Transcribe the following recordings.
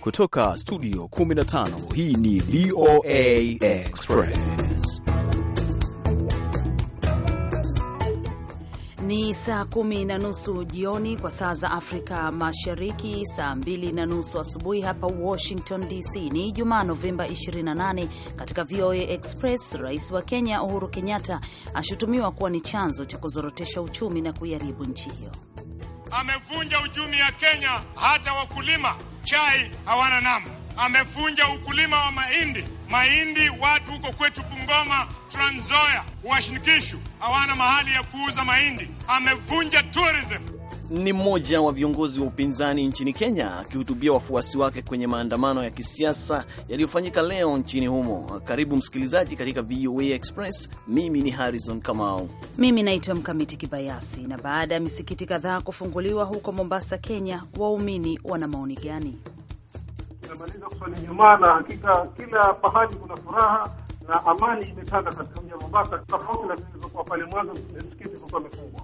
Kutoka studio 15 hii ni VOA Express. Ni saa kumi na nusu jioni kwa saa za Afrika Mashariki, saa mbili na nusu asubuhi hapa Washington DC. Ni Ijumaa, Novemba 28. Katika VOA Express, rais wa Kenya Uhuru Kenyatta ashutumiwa kuwa ni chanzo cha kuzorotesha uchumi na kuiharibu nchi hiyo amevunja uchumi ya Kenya, hata wakulima chai hawana namu. Amevunja ukulima wa mahindi, mahindi watu huko kwetu Bungoma, Trans Nzoia, Uasin Gishu hawana mahali ya kuuza mahindi. Amevunja tourism ni mmoja wa viongozi wa upinzani nchini Kenya akihutubia wafuasi wake kwenye maandamano ya kisiasa yaliyofanyika leo nchini humo. Karibu msikilizaji katika VOA Express. Mimi ni Harrison Kamau. Mimi naitwa Mkamiti Kibayasi. Na baada ya misikiti kadhaa kufunguliwa huko Mombasa, Kenya, waumini wana maoni gani? Tumemaliza kuswali Ijumaa na hakika kila pahali kuna furaha na amani imetanda katika mji wa Mombasa, tofauti na zilizokuwa pale mwanzo msikiti kukuwa umefungwa.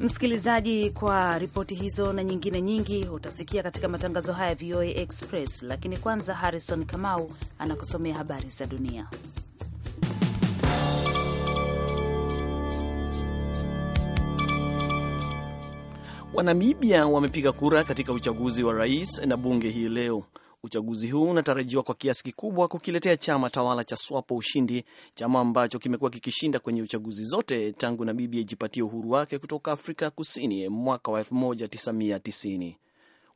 Msikilizaji, kwa ripoti hizo na nyingine nyingi utasikia katika matangazo haya VOA Express, lakini kwanza Harrison Kamau anakusomea habari za dunia. Wanamibia wamepiga kura katika uchaguzi wa rais na bunge hii leo Uchaguzi huu unatarajiwa kwa kiasi kikubwa kukiletea chama tawala cha SWAPO ushindi, chama ambacho kimekuwa kikishinda kwenye uchaguzi zote tangu Namibia ijipatie uhuru wake kutoka Afrika Kusini mwaka wa 1990.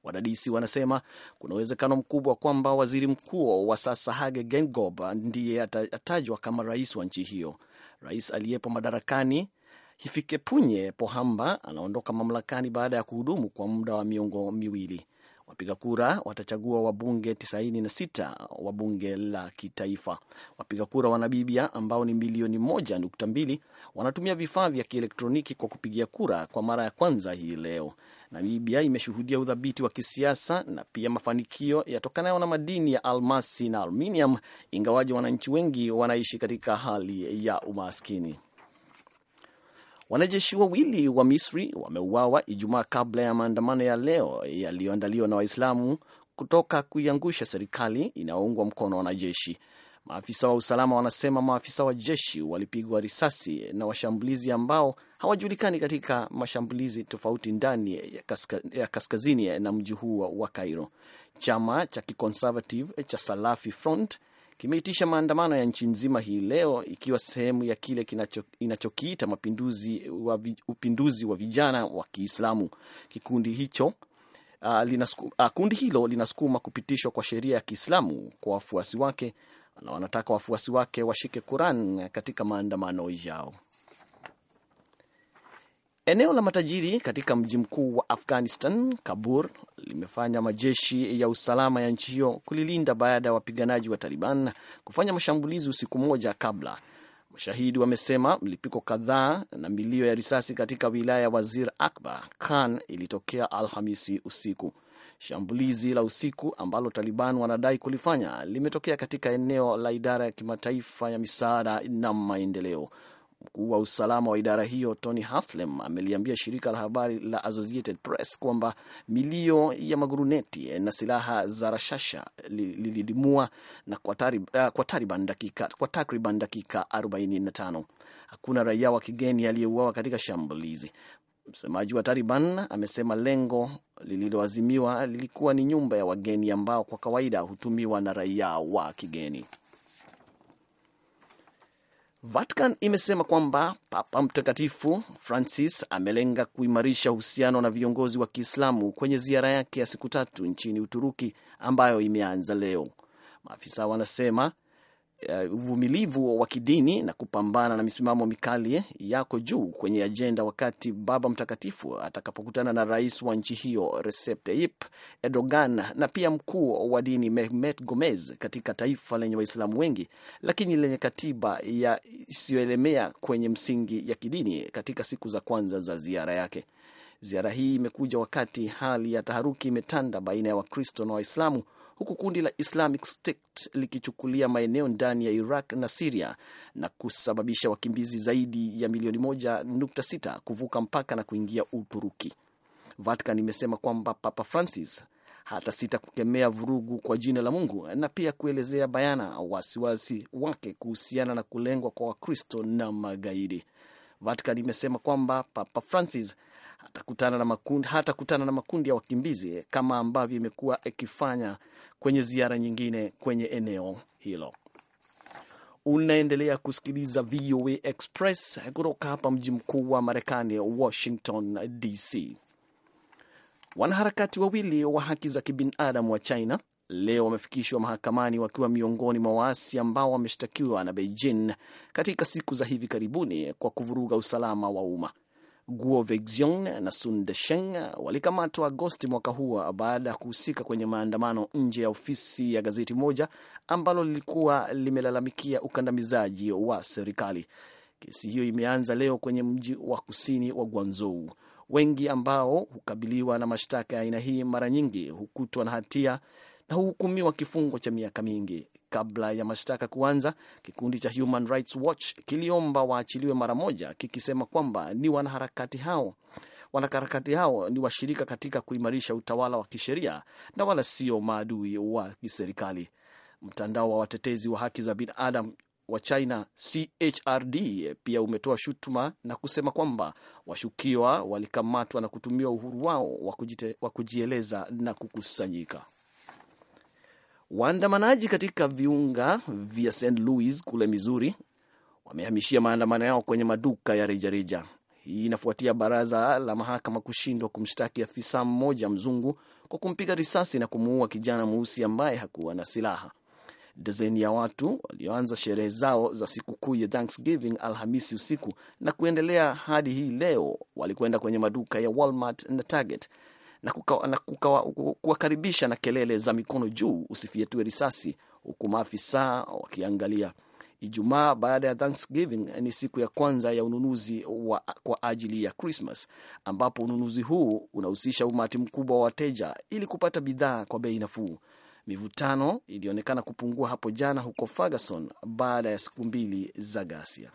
Wadadisi wanasema kuna uwezekano mkubwa kwamba waziri mkuu wa sasa Hage Geingob ndiye atajwa kama rais wa nchi hiyo. Rais aliyepo madarakani Hifikepunye Pohamba anaondoka mamlakani baada ya kuhudumu kwa muda wa miongo miwili. Wapiga kura watachagua wabunge 96 wa bunge la kitaifa. Wapiga kura wa Namibia ambao ni milioni 1.2 wanatumia vifaa vya kielektroniki kwa kupigia kura kwa mara ya kwanza hii leo. Namibia imeshuhudia udhabiti wa kisiasa na pia mafanikio yatokanayo na madini ya almasi na aluminium, ingawaji wananchi wengi wanaishi katika hali ya umaskini. Wanajeshi wawili wa Misri wameuawa Ijumaa kabla ya maandamano ya leo yaliyoandaliwa na Waislamu kutoka kuiangusha serikali inayoungwa mkono wanajeshi. Maafisa wa usalama wanasema maafisa wa jeshi walipigwa risasi na washambulizi ambao hawajulikani katika mashambulizi tofauti ndani ya, kaska, ya kaskazini na mji huo wa Cairo. Chama cha kiconservative cha Salafi Front kimeitisha maandamano ya nchi nzima hii leo ikiwa sehemu ya kile inachokiita mapinduzi wa, upinduzi wa vijana wa Kiislamu. Kikundi hicho uh, linasku, uh, kundi hilo linasukuma kupitishwa kwa sheria ya Kiislamu kwa wafuasi wake na wanataka wafuasi wake washike Quran katika maandamano yao. Eneo la matajiri katika mji mkuu wa Afghanistan, Kabul, limefanya majeshi ya usalama ya nchi hiyo kulilinda baada ya wapiganaji wa Taliban kufanya mashambulizi usiku moja kabla. Mashahidi wamesema mlipiko kadhaa na milio ya risasi katika wilaya ya Wazir Akbar Khan ilitokea Alhamisi usiku. Shambulizi la usiku ambalo Taliban wanadai kulifanya limetokea katika eneo la idara ya kimataifa ya misaada na maendeleo. Mkuu wa usalama wa idara hiyo Tony Haflem ameliambia shirika la habari la Associated Press kwamba milio ya maguruneti na silaha za rashasha lilidimua na kwa, takriban eh, dakika, kwa takriban dakika 45. Hakuna raia wa kigeni aliyeuawa katika shambulizi. Msemaji wa Taliban amesema lengo lililoazimiwa lilikuwa ni nyumba ya wageni ambao kwa kawaida hutumiwa na raia wa kigeni. Vatican imesema kwamba Papa Mtakatifu Francis amelenga kuimarisha uhusiano na viongozi wa Kiislamu kwenye ziara yake ya siku tatu nchini Uturuki ambayo imeanza leo. Maafisa wanasema Uh, uvumilivu uh, wa kidini na kupambana na misimamo mikali yako juu kwenye ajenda wakati Baba Mtakatifu atakapokutana na rais wa nchi hiyo Recep Tayyip Erdogan na pia mkuu wa dini Mehmet Gomez katika taifa lenye Waislamu wengi lakini lenye katiba isiyoelemea kwenye msingi ya kidini katika siku za kwanza za ziara yake. Ziara hii imekuja wakati hali ya taharuki imetanda baina ya Wakristo na Waislamu huku kundi la Islamic State likichukulia maeneo ndani ya Iraq na Siria na kusababisha wakimbizi zaidi ya milioni 1.6 kuvuka mpaka na kuingia Uturuki. Vatican imesema kwamba Papa Francis hata sita kukemea vurugu kwa jina la Mungu na pia kuelezea bayana wasiwasi wake kuhusiana na kulengwa kwa Wakristo na magaidi. Vatican imesema kwamba Papa Francis hatakutana na makundi, hatakutana na makundi ya wakimbizi kama ambavyo imekuwa ikifanya kwenye ziara nyingine kwenye eneo hilo. Unaendelea kusikiliza VOA Express kutoka hapa mji mkuu wa Marekani, Washington DC. Wanaharakati wawili wa haki za kibinadamu wa China leo wamefikishwa mahakamani wakiwa miongoni mwa waasi ambao wameshtakiwa na Beijing katika siku za hivi karibuni kwa kuvuruga usalama wa umma. Guo Vexion na Sun Desheng walikamatwa Agosti mwaka huu baada ya kuhusika kwenye maandamano nje ya ofisi ya gazeti moja ambalo lilikuwa limelalamikia ukandamizaji wa serikali. Kesi hiyo imeanza leo kwenye mji wa kusini wa Guangzhou. Wengi ambao hukabiliwa na mashtaka ya aina hii mara nyingi hukutwa na hatia na huhukumiwa kifungo cha miaka mingi. Kabla ya mashtaka kuanza, kikundi cha Human Rights Watch kiliomba waachiliwe mara moja, kikisema kwamba ni wanaharakati hao wanaharakati hao ni washirika katika kuimarisha utawala wa kisheria na wala sio maadui wa kiserikali. Mtandao wa watetezi wa haki za binadamu wa China CHRD pia umetoa shutuma na kusema kwamba washukiwa walikamatwa na kutumia uhuru wao wa kujieleza na kukusanyika. Waandamanaji katika viunga vya St Louis kule Missouri wamehamishia maandamano yao kwenye maduka ya rejareja. Hii inafuatia baraza la mahakama kushindwa kumshtaki afisa mmoja mzungu kwa kumpiga risasi na kumuua kijana mweusi ambaye hakuwa na silaha. Dazeni ya watu walioanza sherehe zao za sikukuu ya Thanksgiving Alhamisi usiku na kuendelea hadi hii leo walikwenda kwenye maduka ya Walmart na Target na kuwakaribisha na kelele za mikono juu usifyetue risasi, huku maafisa wakiangalia. Ijumaa baada ya Thanksgiving ni siku ya kwanza ya ununuzi wa, kwa ajili ya Christmas ambapo ununuzi huu unahusisha umati mkubwa wa wateja ili kupata bidhaa kwa bei nafuu. Mivutano ilionekana kupungua hapo jana huko Ferguson baada ya siku mbili za ghasia.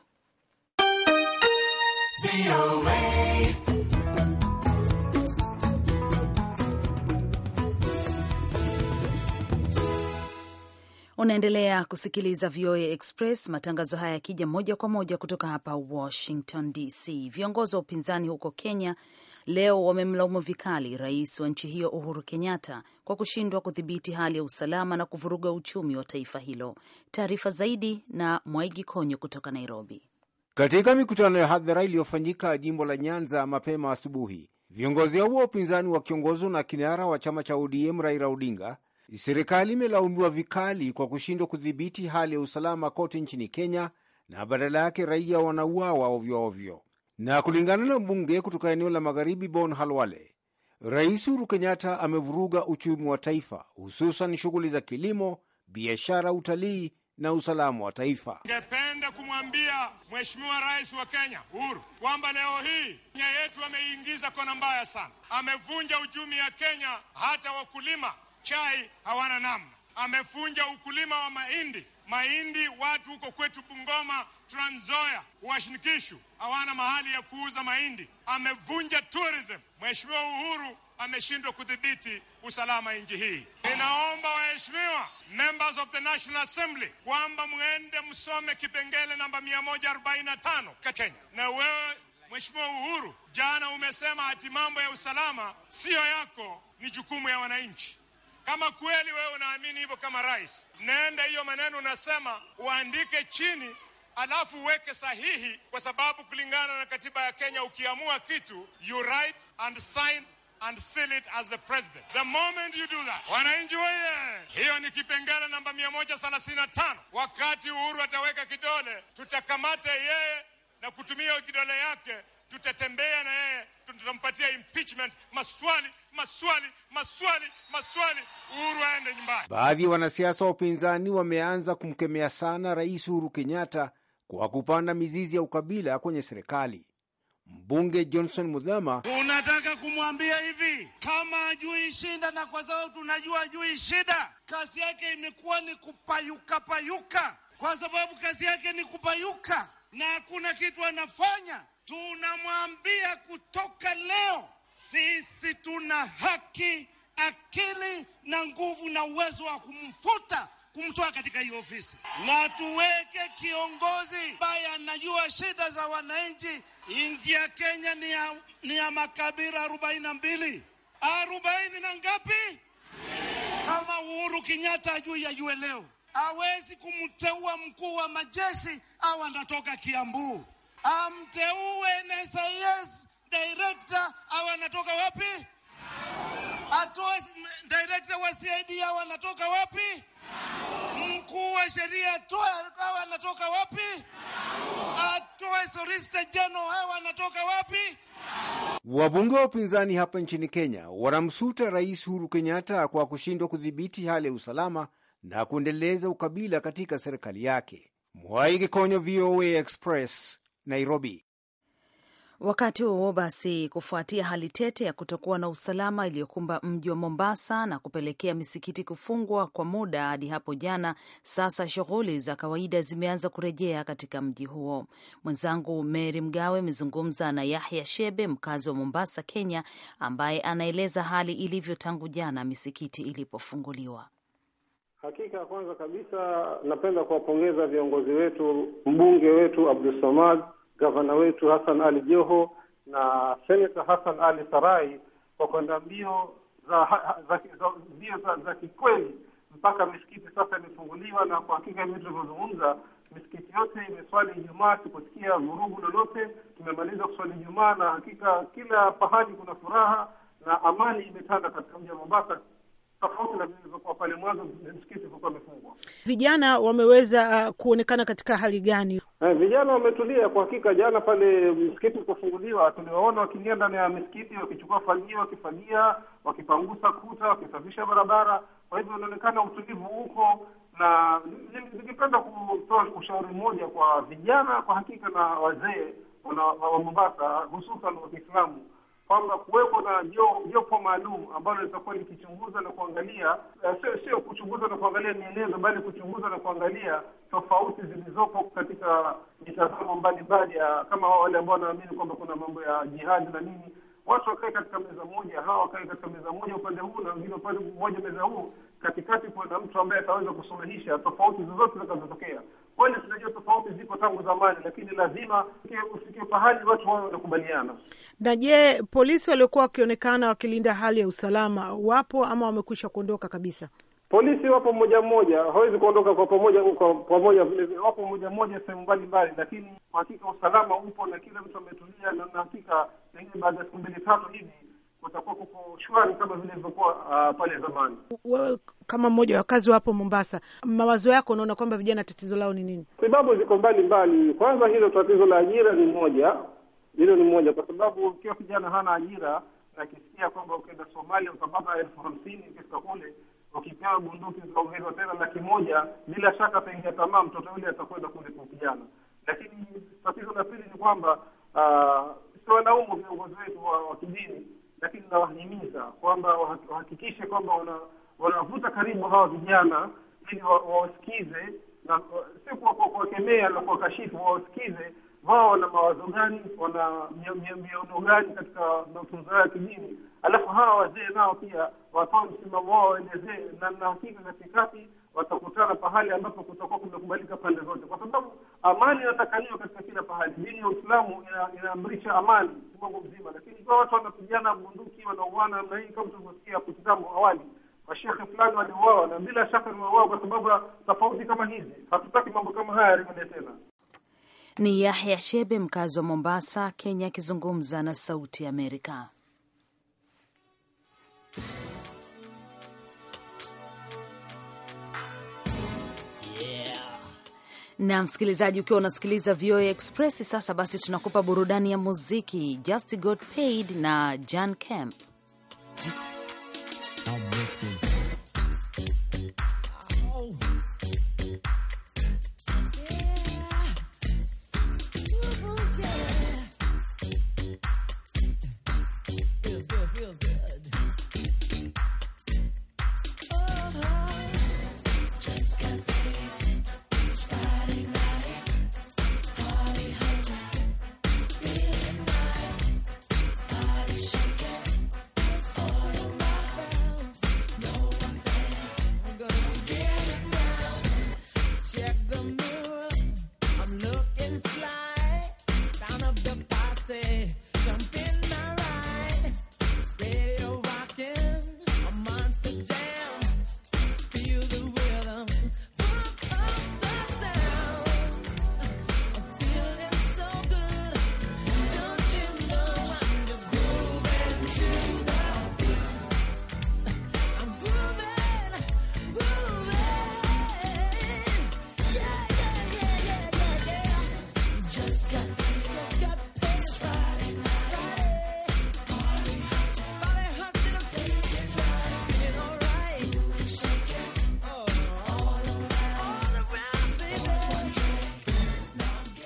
Unaendelea kusikiliza VOA Express, matangazo haya yakija moja kwa moja kutoka hapa Washington DC. Viongozi wa upinzani huko Kenya leo wamemlaumu vikali rais wa nchi hiyo Uhuru Kenyatta kwa kushindwa kudhibiti hali ya usalama na kuvuruga uchumi wa taifa hilo. Taarifa zaidi na Mwaigi Konyo kutoka Nairobi. Katika mikutano ya hadhara iliyofanyika jimbo la Nyanza mapema asubuhi, viongozi hao wa upinzani wakiongozwa na kinara wa chama cha ODM Raila Odinga Serikali imelaumiwa vikali kwa kushindwa kudhibiti hali ya usalama kote nchini Kenya, na badala yake raia wanauawa ovyoovyo. Na kulingana na mbunge kutoka eneo la magharibi Bon Halwale, Rais Uhuru Kenyatta amevuruga uchumi wa taifa, hususan shughuli za kilimo, biashara, utalii na usalama wa taifa. Ningependa kumwambia Mheshimiwa Rais wa Kenya Uhuru kwamba leo hii Kenya yetu ameingiza kona mbaya sana, amevunja uchumi ya Kenya, hata wakulima chai hawana namna. Amefunja ukulima wa mahindi, mahindi watu huko kwetu Bungoma, Trans Nzoia, Uasin-Gishu hawana mahali ya kuuza mahindi. Amevunja tourism. Mheshimiwa Uhuru ameshindwa kudhibiti usalama nchi hii. Ninaomba waheshimiwa members of the National Assembly kwamba mwende msome kipengele namba 145 ka Kenya. Na wewe Mheshimiwa Uhuru, jana umesema hati mambo ya usalama siyo yako, ni jukumu ya wananchi. Kama kweli wewe unaamini hivyo kama rais, nenda hiyo maneno unasema uandike chini, alafu uweke sahihi, kwa sababu kulingana na katiba ya Kenya ukiamua kitu you write and sign and seal it as the president. The moment you do that, wananchi weye, hiyo ni kipengele namba 135. Wakati Uhuru ataweka kidole, tutakamata yeye na kutumia kidole yake tutatembea na yeye, tutampatia impeachment. Maswali, maswali, maswali, maswali, Uhuru aende nyumbani. Baadhi ya wanasiasa wa upinzani wameanza kumkemea sana Rais Uhuru Kenyatta kwa kupanda mizizi ya ukabila kwenye serikali. Mbunge Johnson Mudhama, unataka kumwambia hivi, kama ajui shida? na kwa sababu tunajua ajui shida, kazi yake imekuwa ni kupayuka payuka, kwa sababu kazi yake ni kupayuka na hakuna kitu anafanya tunamwambia kutoka leo, sisi tuna haki, akili na nguvu na uwezo wa kumfuta kumtoa katika hiyo ofisi, na tuweke kiongozi ambaye anajua shida za wananchi. Nchi ya Kenya ni ya, ni ya makabila arobaini na mbili arobaini na ngapi? Kama Uhuru Kenyatta ajui yajue leo, awezi kumteua mkuu wa majeshi au anatoka Kiambu amteue NSIS director au anatoka wapi? Atoe director wa CID au anatoka wapi? Mkuu wa sheria atoe au anatoka wapi? Atoe solicitor general au anatoka wapi? Wabunge wa upinzani hapa nchini Kenya wanamsuta Rais Uhuru Kenyatta kwa kushindwa kudhibiti hali ya usalama na kuendeleza ukabila katika serikali yake. Mwai Konyo, VOA Express, Nairobi. Wakati huo basi, kufuatia hali tete ya kutokuwa na usalama iliyokumba mji wa Mombasa na kupelekea misikiti kufungwa kwa muda hadi hapo jana, sasa shughuli za kawaida zimeanza kurejea katika mji huo. Mwenzangu Mary Mgawe amezungumza na Yahya Shebe, mkazi wa Mombasa, Kenya, ambaye anaeleza hali ilivyo tangu jana misikiti ilipofunguliwa. Hakika, kwanza kabisa napenda kuwapongeza viongozi wetu, mbunge wetu abdusamad gavana wetu Hassan Ali Joho na seneta Hassan Ali Sarai kwa kwenda mbio za, za, za, mbio za, za kikweli mpaka misikiti sasa imefunguliwa, na kwa hakika hivi tulivyozungumza, misikiti yote imeswali Ijumaa. tukusikia vurugu lolote, tumemaliza kuswali Ijumaa na hakika kila pahali kuna furaha na amani imetanda katika mji wa Mombasa tofauti na vile pale mwanzo, msikiti ulikuwa umefungwa. Vijana wameweza uh, kuonekana katika hali gani? Ha, eh, vijana wametulia kwa hakika. Jana pale msikiti ulipofunguliwa, tuliwaona wakiingia ndani ya misikiti wakichukua fagio, wakifagia, wakipangusa kuta, wakisafisha barabara. Kwa hivyo inaonekana utulivu huko, na ningependa kutoa ushauri mmoja kwa vijana kwa hakika na wazee wa Mombasa, hususan wa Kiislamu kwamba kuwepo na jopo maalum ambalo litakuwa likichunguza na kuangalia eh, sio sio kuchunguza na kuangalia mienendo, bali kuchunguza na kuangalia tofauti zilizopo katika mitazamo mbalimbali ya kama wale ambao wanaamini kwamba kuna mambo ya jihadi na nini watu wakae katika meza moja, hawa wakae katika meza moja upande huu na wengine upande mmoja meza huu, katikati kuna mtu ambaye ataweza kusuluhisha tofauti zozote zitakazotokea. Kweli tunajua tofauti ziko tangu zamani, lakini lazima usikie pahali watu wawe wanakubaliana. Na je, polisi waliokuwa wakionekana wakilinda hali ya usalama wapo ama wamekwisha kuondoka kabisa? Polisi wapo mmoja mmoja, hawezi kuondoka kwa pamoja kwa pamoja, wapo mmoja mmoja sehemu mbalimbali, lakini kwa hakika usalama upo na kila mtu ametulia, na hakika pengine baada ya siku mbili tatu hivi kutakuwa kuko shwari kama vile ilivyokuwa uh, pale zamani. Wewe kama mmoja wa wakazi wa Mombasa, mawazo yako, unaona kwamba vijana tatizo lao ni nini? Sababu ziko mbali mbali. Kwanza hilo tatizo la ajira ni moja, hilo ni moja, kwa sababu ukiwa kijana hana ajira, nakisikia kwamba ukienda Somalia utapata elfu hamsini ukifika kule ukipewa bunduki zikaongezwa tena laki moja, bila shaka ataingia tamaa, mtoto yule atakwenda kule kijana. Lakini tatizo la pili ni kwamba uh, si wanaumu viongozi wetu wa, wa kidini lakini nawahimiza kwamba wahakikishe kwamba wanavuta karibu hawa vijana ili wawasikize na si kuwakemea na kuwakashifu, wawasikize wao wana mawazo gani, wana miondo gani katika mafunzo yao ya kidini, alafu hawa wazee nao pia watoa msimamo wao waelezee, na nahakika katikati watakutana pahali ambapo kutakuwa kumekubalika pande zote, kwa sababu amani inatakaniwa katika kila pahali. Dini ya Uislamu inaamrisha amani Kongo mzima, lakini ikiwa watu wanapigana bunduki, wanauana namna hii, kama tulivyosikia hapo kitambo awali, mashehe fulani waliuawa, na bila shaka ni wauawa kwa sababu ya tofauti kama hizi. Hatutaki mambo kama haya yarejee tena. Ni Yahya Shebe, mkazi wa Mombasa, Kenya, akizungumza na Sauti ya Amerika. na msikilizaji, ukiwa unasikiliza VOA Express sasa, basi tunakupa burudani ya muziki Just Got Paid na Jan Jika.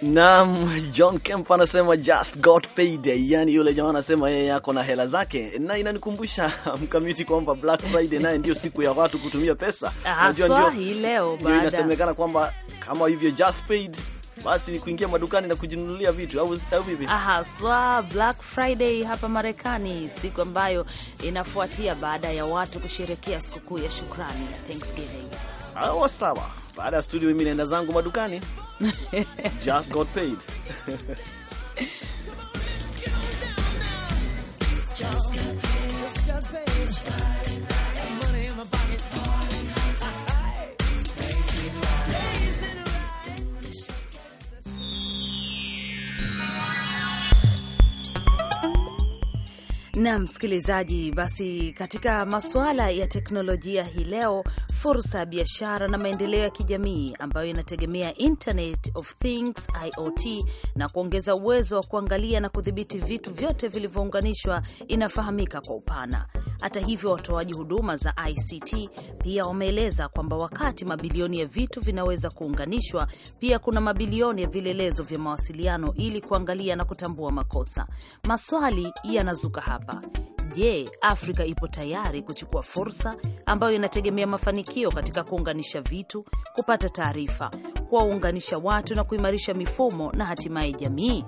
Naam, John Kemp anasema just got paid, yani yule jamaa anasema yeye yako na hela zake, na inanikumbusha mkamiti kwamba Black Friday naye ndio siku ya watu kutumia pesa. Ah, ndio, ndio hii leo baada, inasemekana kwamba kama hivyo just paid basi kuingia madukani na kujinunulia vitu au vipi? Aha, swa Black Friday hapa Marekani, siku ambayo inafuatia baada ya watu kusherekea sikukuu ya shukrani Thanksgiving. Sawa sawa, baada ya studio mimi naenda zangu madukani just got paid just got paid na msikilizaji, basi katika masuala ya teknolojia hii leo, fursa ya biashara na maendeleo ya kijamii ambayo inategemea Internet of Things IoT na kuongeza uwezo wa kuangalia na kudhibiti vitu vyote vilivyounganishwa inafahamika kwa upana. Hata hivyo, watoaji huduma za ICT pia wameeleza kwamba wakati mabilioni ya vitu vinaweza kuunganishwa, pia kuna mabilioni ya vilelezo vya mawasiliano ili kuangalia na kutambua makosa. Maswali yanazuka hapa. Je, Afrika ipo tayari kuchukua fursa ambayo inategemea mafanikio katika kuunganisha vitu, kupata taarifa, kuwaunganisha watu na kuimarisha mifumo na hatimaye jamii?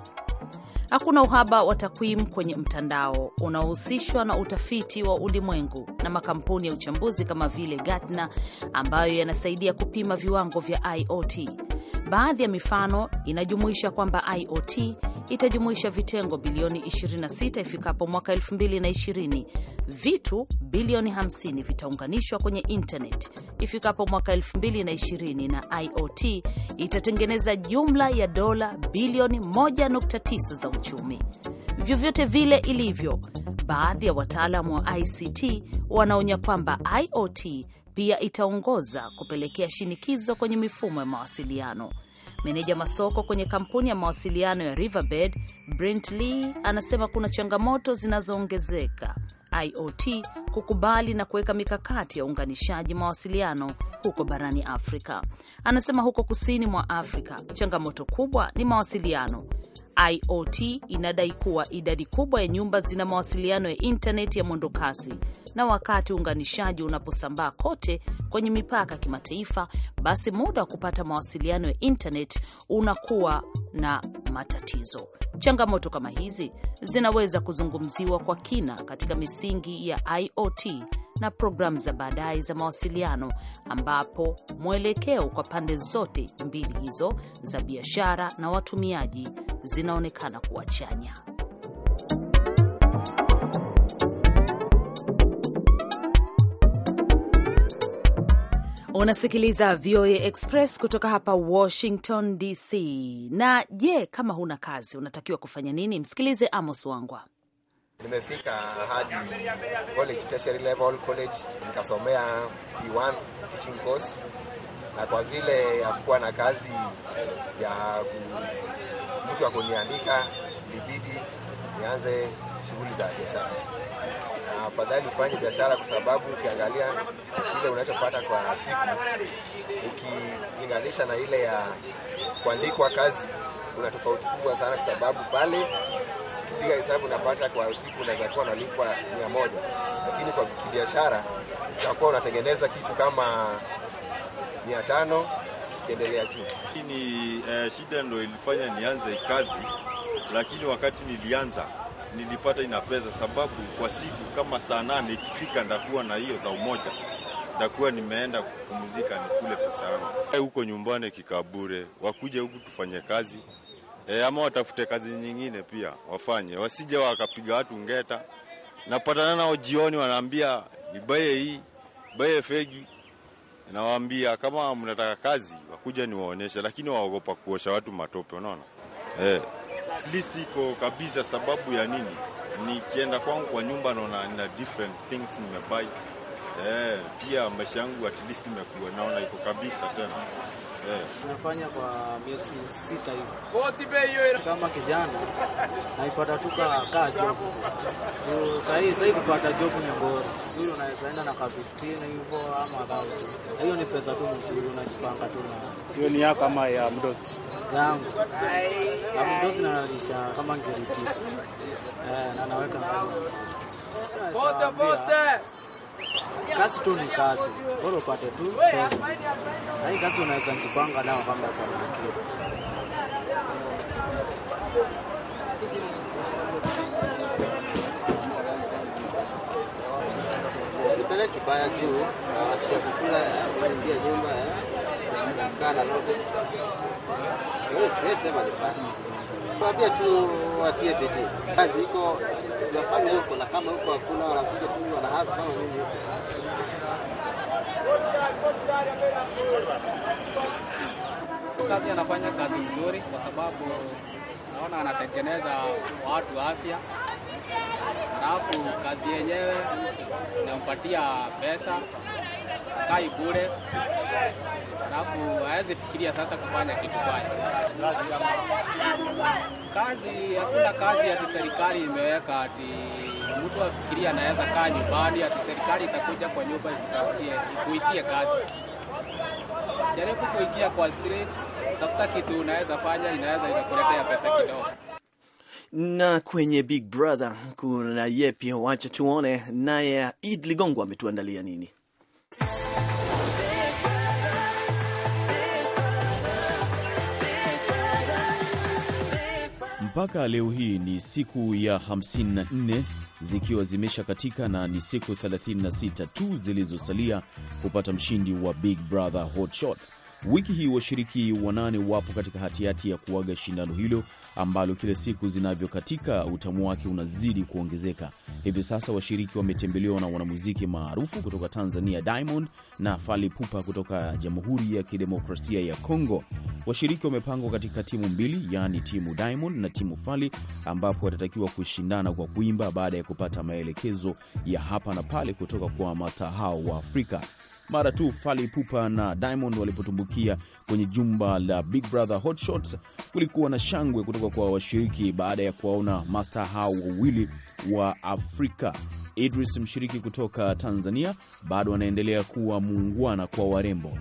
Hakuna uhaba wa takwimu kwenye mtandao unaohusishwa na utafiti wa ulimwengu na makampuni ya uchambuzi kama vile Gartner ambayo yanasaidia kupima viwango vya IoT. Baadhi ya mifano inajumuisha kwamba IoT itajumuisha vitengo bilioni 26 ifikapo mwaka 2020. Vitu bilioni 50 vitaunganishwa kwenye internet ifikapo mwaka 2020, na IoT itatengeneza jumla ya dola bilioni 1.9 za kiuchumi. Vyovyote vile ilivyo, baadhi ya wataalamu wa ICT wanaonya kwamba IoT pia itaongoza kupelekea shinikizo kwenye mifumo ya mawasiliano. Meneja masoko kwenye kampuni ya mawasiliano ya Riverbed, Brent Lee, anasema kuna changamoto zinazoongezeka IoT kukubali na kuweka mikakati ya uunganishaji mawasiliano huko barani Afrika. Anasema huko kusini mwa Afrika changamoto kubwa ni mawasiliano IoT inadai kuwa idadi kubwa ya nyumba zina mawasiliano ya intaneti ya mwendokasi, na wakati uunganishaji unaposambaa kote kwenye mipaka ya kimataifa, basi muda wa kupata mawasiliano ya intaneti unakuwa na matatizo. Changamoto kama hizi zinaweza kuzungumziwa kwa kina katika misingi ya IoT na programu za baadaye za mawasiliano ambapo mwelekeo kwa pande zote mbili hizo za biashara na watumiaji zinaonekana kuwa chanya. Unasikiliza VOA Express kutoka hapa Washington DC. Na je, kama huna kazi unatakiwa kufanya nini? Msikilize Amos Wangwa. Nimefika hadi college, tertiary level college, nikasomea B1 teaching course, na kwa vile hakukuwa na kazi ya mtu wa kuniandika, libidi nianze shughuli za biashara. Na afadhali ufanye biashara, kwa sababu ukiangalia kile unachopata kwa siku ukilinganisha na ile ya kuandikwa kazi, kuna tofauti kubwa sana, kwa sababu pale ukipiga hesabu unapata kwa siku unaweza kuwa unalipwa mia moja, lakini kwa kibiashara utakuwa unatengeneza kitu kama mia tano ikiendelea juu. Ni eh, shida ndo ilifanya nianze kazi, lakini wakati nilianza nilipata ina pesa, sababu kwa siku kama saa nane ikifika ndakuwa na hiyo dhau moja, ndakuwa nimeenda kupumzika nikule pesa yangu huko nyumbani kikabure, wakuja huku tufanye kazi e, ama watafute kazi nyingine pia wafanye, wasije wakapiga watu ngeta. Napatana nao jioni, wanaambia nibaye hii baye fegi nawaambia kama mnataka kazi wakuja niwaonyeshe, lakini waogopa kuosha watu matope, unaona eh. List iko kabisa. Sababu ya nini? Nikienda kwangu kwa nyumba naona nina different things nimebuy. Eh, pia maisha yangu at least imekuwa naona iko kabisa tena Nafanya kwa miezi sita hivi. Kama kijana naipata tu kaa job. Sahii sahii kupata job ni bora. Zuri unaweza enda na ka 15 hivyo ama bao. Hiyo ni pesa tu mzuri unajipanga tu na. Hiyo ni yako ama ya mdosi? Yangu. Na mdosi nalisha kama ngiri tisa. Eh, na naweka. Pote pote. Kazi tu ni kazi, bora upate tu pesa. Na hii kazi unaweza jipanga nao kama kwa utafanikiwa. Nipele kibaya juu ya kukula kuingia nyumba ya kana nao. Siwezi sema ni baya tuwaambia tu watie bidii. Kazi iko tunafanya huko, na kama huko hakuna wanakuja tu wanahaza kama mimi huko kazi anafanya kazi nzuri kwa sababu naona anatengeneza watu afya, alafu kazi yenyewe inampatia pesa kai bure, alafu hawezi fikiria sasa kufanya kitu kwani kazi. Hakuna kazi ya serikali imeweka ati mtu afikiria anaweza kaa nyumbani ati serikali itakuja kwa nyumba ikuitie kazi. Jaribu kuingia kwa streets, tafuta kitu unaweza fanya, inaweza ikakuletea pesa kidogo na kwenye Big Brother kuna yepi, wacha tuone naye Id Ligongo ametuandalia nini. mpaka leo hii ni siku ya 54 zikiwa zimesha katika na ni siku 36 tu zilizosalia kupata mshindi wa Big Brother Hot Shots Wiki hii washiriki wanane wapo katika hatihati ya kuaga shindano hilo ambalo kila siku zinavyokatika utamu wake unazidi kuongezeka. Hivi sasa washiriki wametembelewa na wanamuziki maarufu kutoka Tanzania, Diamond na fali pupa kutoka Jamhuri ya Kidemokrasia ya Kongo. Washiriki wamepangwa katika timu mbili, yaani timu Diamond na timu fali ambapo watatakiwa kushindana kwa kuimba baada ya kupata maelekezo ya hapa na pale kutoka kwa mastaa hao wa Afrika mara tu Fally Ipupa na Diamond walipotumbukia kwenye jumba la Big Brother Hotshots, kulikuwa na shangwe kutoka kwa washiriki baada ya kuwaona masta hao wawili wa Afrika. Idris, mshiriki kutoka Tanzania, bado anaendelea kuwa muungwana kwa warembo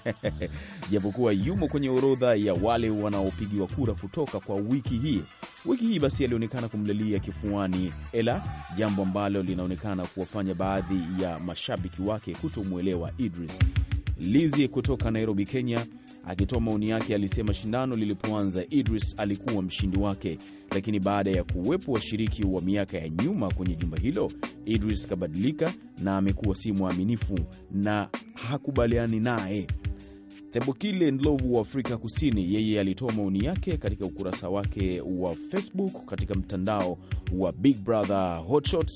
japokuwa yumo kwenye orodha ya wale wanaopigiwa kura kutoka kwa wiki hii Wiki hii basi alionekana kumlalia kifuani Ela, jambo ambalo linaonekana kuwafanya baadhi ya mashabiki wake kutomwelewa Idris. Lizi kutoka Nairobi, Kenya, akitoa maoni yake alisema shindano lilipoanza Idris alikuwa mshindi wake, lakini baada ya kuwepo washiriki wa miaka ya nyuma kwenye jumba hilo, Idris kabadilika na amekuwa si mwaminifu na hakubaliani naye. Thebukile Ndlovu wa Afrika Kusini, yeye alitoa maoni yake katika ukurasa wake wa Facebook katika mtandao wa Big Brother Hotshot,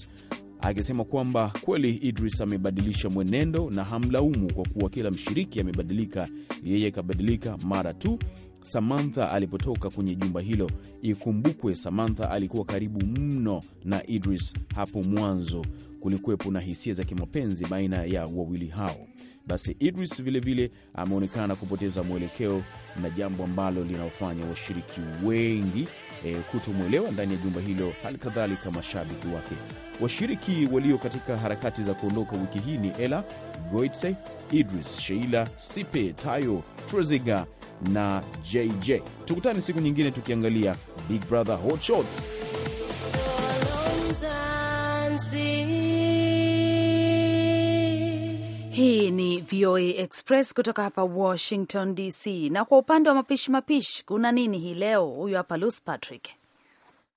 akisema kwamba kweli Idris amebadilisha mwenendo na hamlaumu kwa kuwa kila mshiriki amebadilika, yeye akabadilika mara tu Samantha alipotoka kwenye jumba hilo. Ikumbukwe Samantha alikuwa karibu mno na Idris hapo mwanzo, kulikuwepo na hisia za kimapenzi baina ya wawili hao basi Idris vilevile ameonekana kupoteza mwelekeo na jambo ambalo linaofanya washiriki wengi e, kutomwelewa ndani ya jumba hilo, hali kadhalika mashabiki wake. Washiriki walio katika harakati za kuondoka wiki hii ni Ela Goitse, Idris, Sheila, Sipe, Tayo, Treziga na JJ. Tukutane siku nyingine tukiangalia Big Brother Hot So hii ni VOA Express kutoka hapa Washington DC. Na kwa upande wa mapishi mapishi, kuna nini hii leo? Huyu hapa lus Patrick.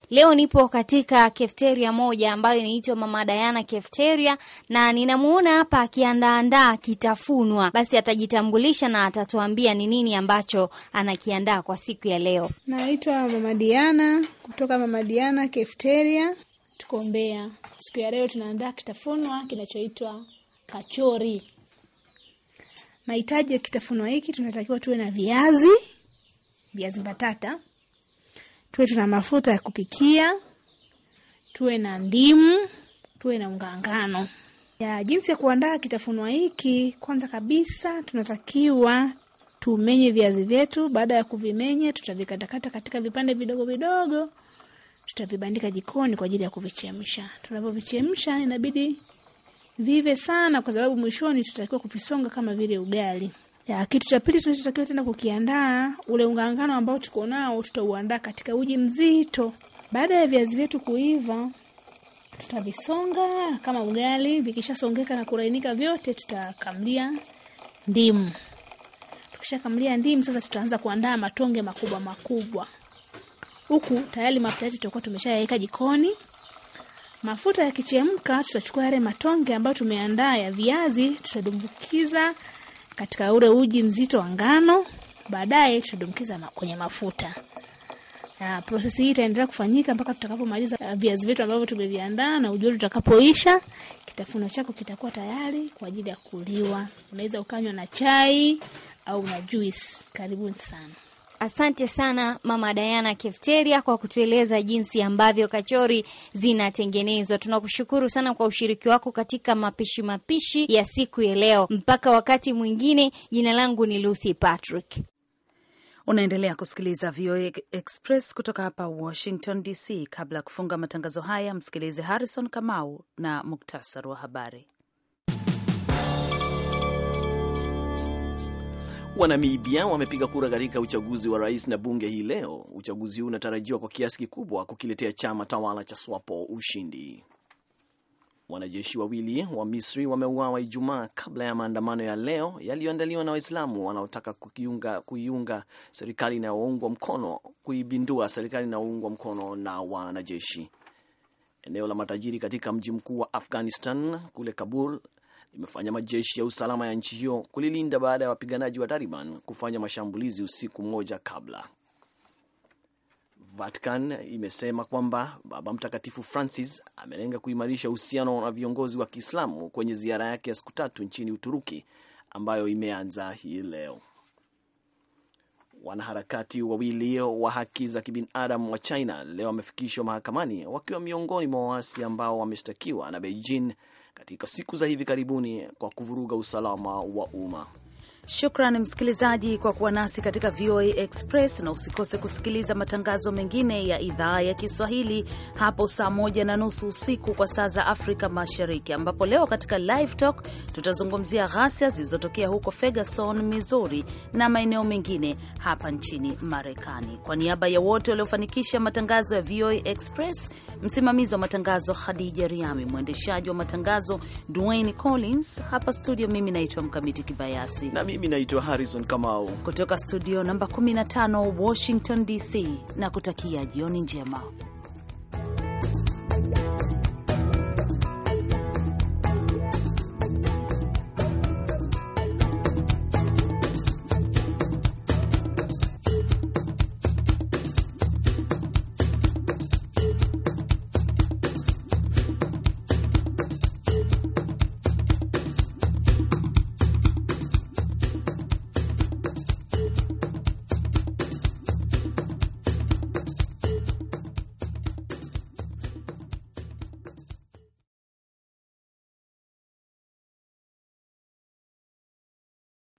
Leo nipo katika kefteria moja ambayo inaitwa Mama Dayana Kefteria, na ninamuona hapa akiandaandaa kitafunwa. Basi atajitambulisha na atatuambia ni nini ambacho anakiandaa kwa siku ya leo. Naitwa Mama Diana kutoka Mama Diana Kefteria, tuko Mbeya. Siku ya leo tunaandaa kitafunwa kinachoitwa kachori. Mahitaji ya kitafunwa hiki tunatakiwa tuwe na viazi, viazi mbatata, tuwe tuna mafuta ya kupikia, tuwe na ndimu, tuwe na unga ngano. Ya jinsi ya kuandaa kitafunwa hiki, kwanza kabisa tunatakiwa tumenye viazi vyetu. Baada ya kuvimenya, tutavikatakata katika vipande vidogo vidogo, tutavibandika jikoni kwa ajili ya kuvichemsha. Tunavyovichemsha, inabidi vive sana, kwa sababu mwishoni tutatakiwa kuvisonga kama vile ugali. Ya, kitu cha pili tunachotakiwa tena kukiandaa, ule ungangano ambao tuko nao tutauandaa katika uji mzito. Baada ya viazi vyetu kuiva, tutavisonga kama ugali. Vikishasongeka na kulainika vyote, tutakamlia ndimu. Tukishakamlia ndimu, sasa tutaanza kuandaa matonge makubwa makubwa. Huku tayari mafuta yetu tutakuwa tumeshayaweka jikoni. Mafuta yakichemka, tutachukua yale matonge ambayo tumeandaa ya viazi, tutadumbukiza katika ule uji mzito wa ngano, baadaye tutadumbukiza kwenye mafuta. Na prosesi hii itaendelea kufanyika mpaka tutakapomaliza uh, viazi vyetu ambavyo tumeviandaa na uji wetu utakapoisha. Kitafuno chako kitakuwa tayari kwa ajili ya kuliwa. Unaweza ukanywa na chai au na juisi. Karibuni sana. Asante sana Mama Dayana Kefteria kwa kutueleza jinsi ambavyo kachori zinatengenezwa. Tunakushukuru sana kwa ushiriki wako katika mapishi mapishi ya siku ya leo. Mpaka wakati mwingine, jina langu ni Lucy Patrick. Unaendelea kusikiliza VOA Express kutoka hapa Washington DC. Kabla ya kufunga matangazo haya, msikilizi Harrison Kamau na muktasari wa habari. Wanamibia wamepiga kura katika uchaguzi wa rais na bunge hii leo. Uchaguzi huu unatarajiwa kwa kiasi kikubwa kukiletea chama tawala cha SWAPO ushindi. Wanajeshi wawili wa Misri wameuawa Ijumaa kabla ya maandamano ya leo yaliyoandaliwa na Waislamu wanaotaka kuiunga, kuiunga serikali inayoungwa mkono kuibindua serikali inayoungwa mkono na wanajeshi. Eneo la matajiri katika mji mkuu wa Afghanistan kule Kabul limefanya majeshi ya usalama ya nchi hiyo kulilinda baada ya wapiganaji wa Taliban kufanya mashambulizi usiku mmoja kabla. Vatican imesema kwamba Baba Mtakatifu Francis amelenga kuimarisha uhusiano na viongozi wa Kiislamu kwenye ziara yake ya siku tatu nchini Uturuki ambayo imeanza hii leo. Wanaharakati wawili wa haki za kibinadamu wa China leo wamefikishwa mahakamani wakiwa miongoni mwa waasi ambao wameshtakiwa na Beijing katika siku za hivi karibuni kwa kuvuruga usalama wa umma. Shukran msikilizaji kwa kuwa nasi katika VOA Express, na usikose kusikiliza matangazo mengine ya idhaa ya Kiswahili hapo saa moja na nusu usiku kwa saa za Afrika Mashariki, ambapo leo katika Live Talk tutazungumzia ghasia zilizotokea huko Ferguson, Missouri na maeneo mengine hapa nchini Marekani. Kwa niaba ya wote waliofanikisha matangazo ya VOA Express, msimamizi wa matangazo Khadija Riami, mwendeshaji wa matangazo Dwayne Collins, hapa studio mimi naitwa Mkamiti Kibayasi na mimi naitwa Harrison Kamau kutoka studio namba 15 Washington DC, na kutakia jioni njema.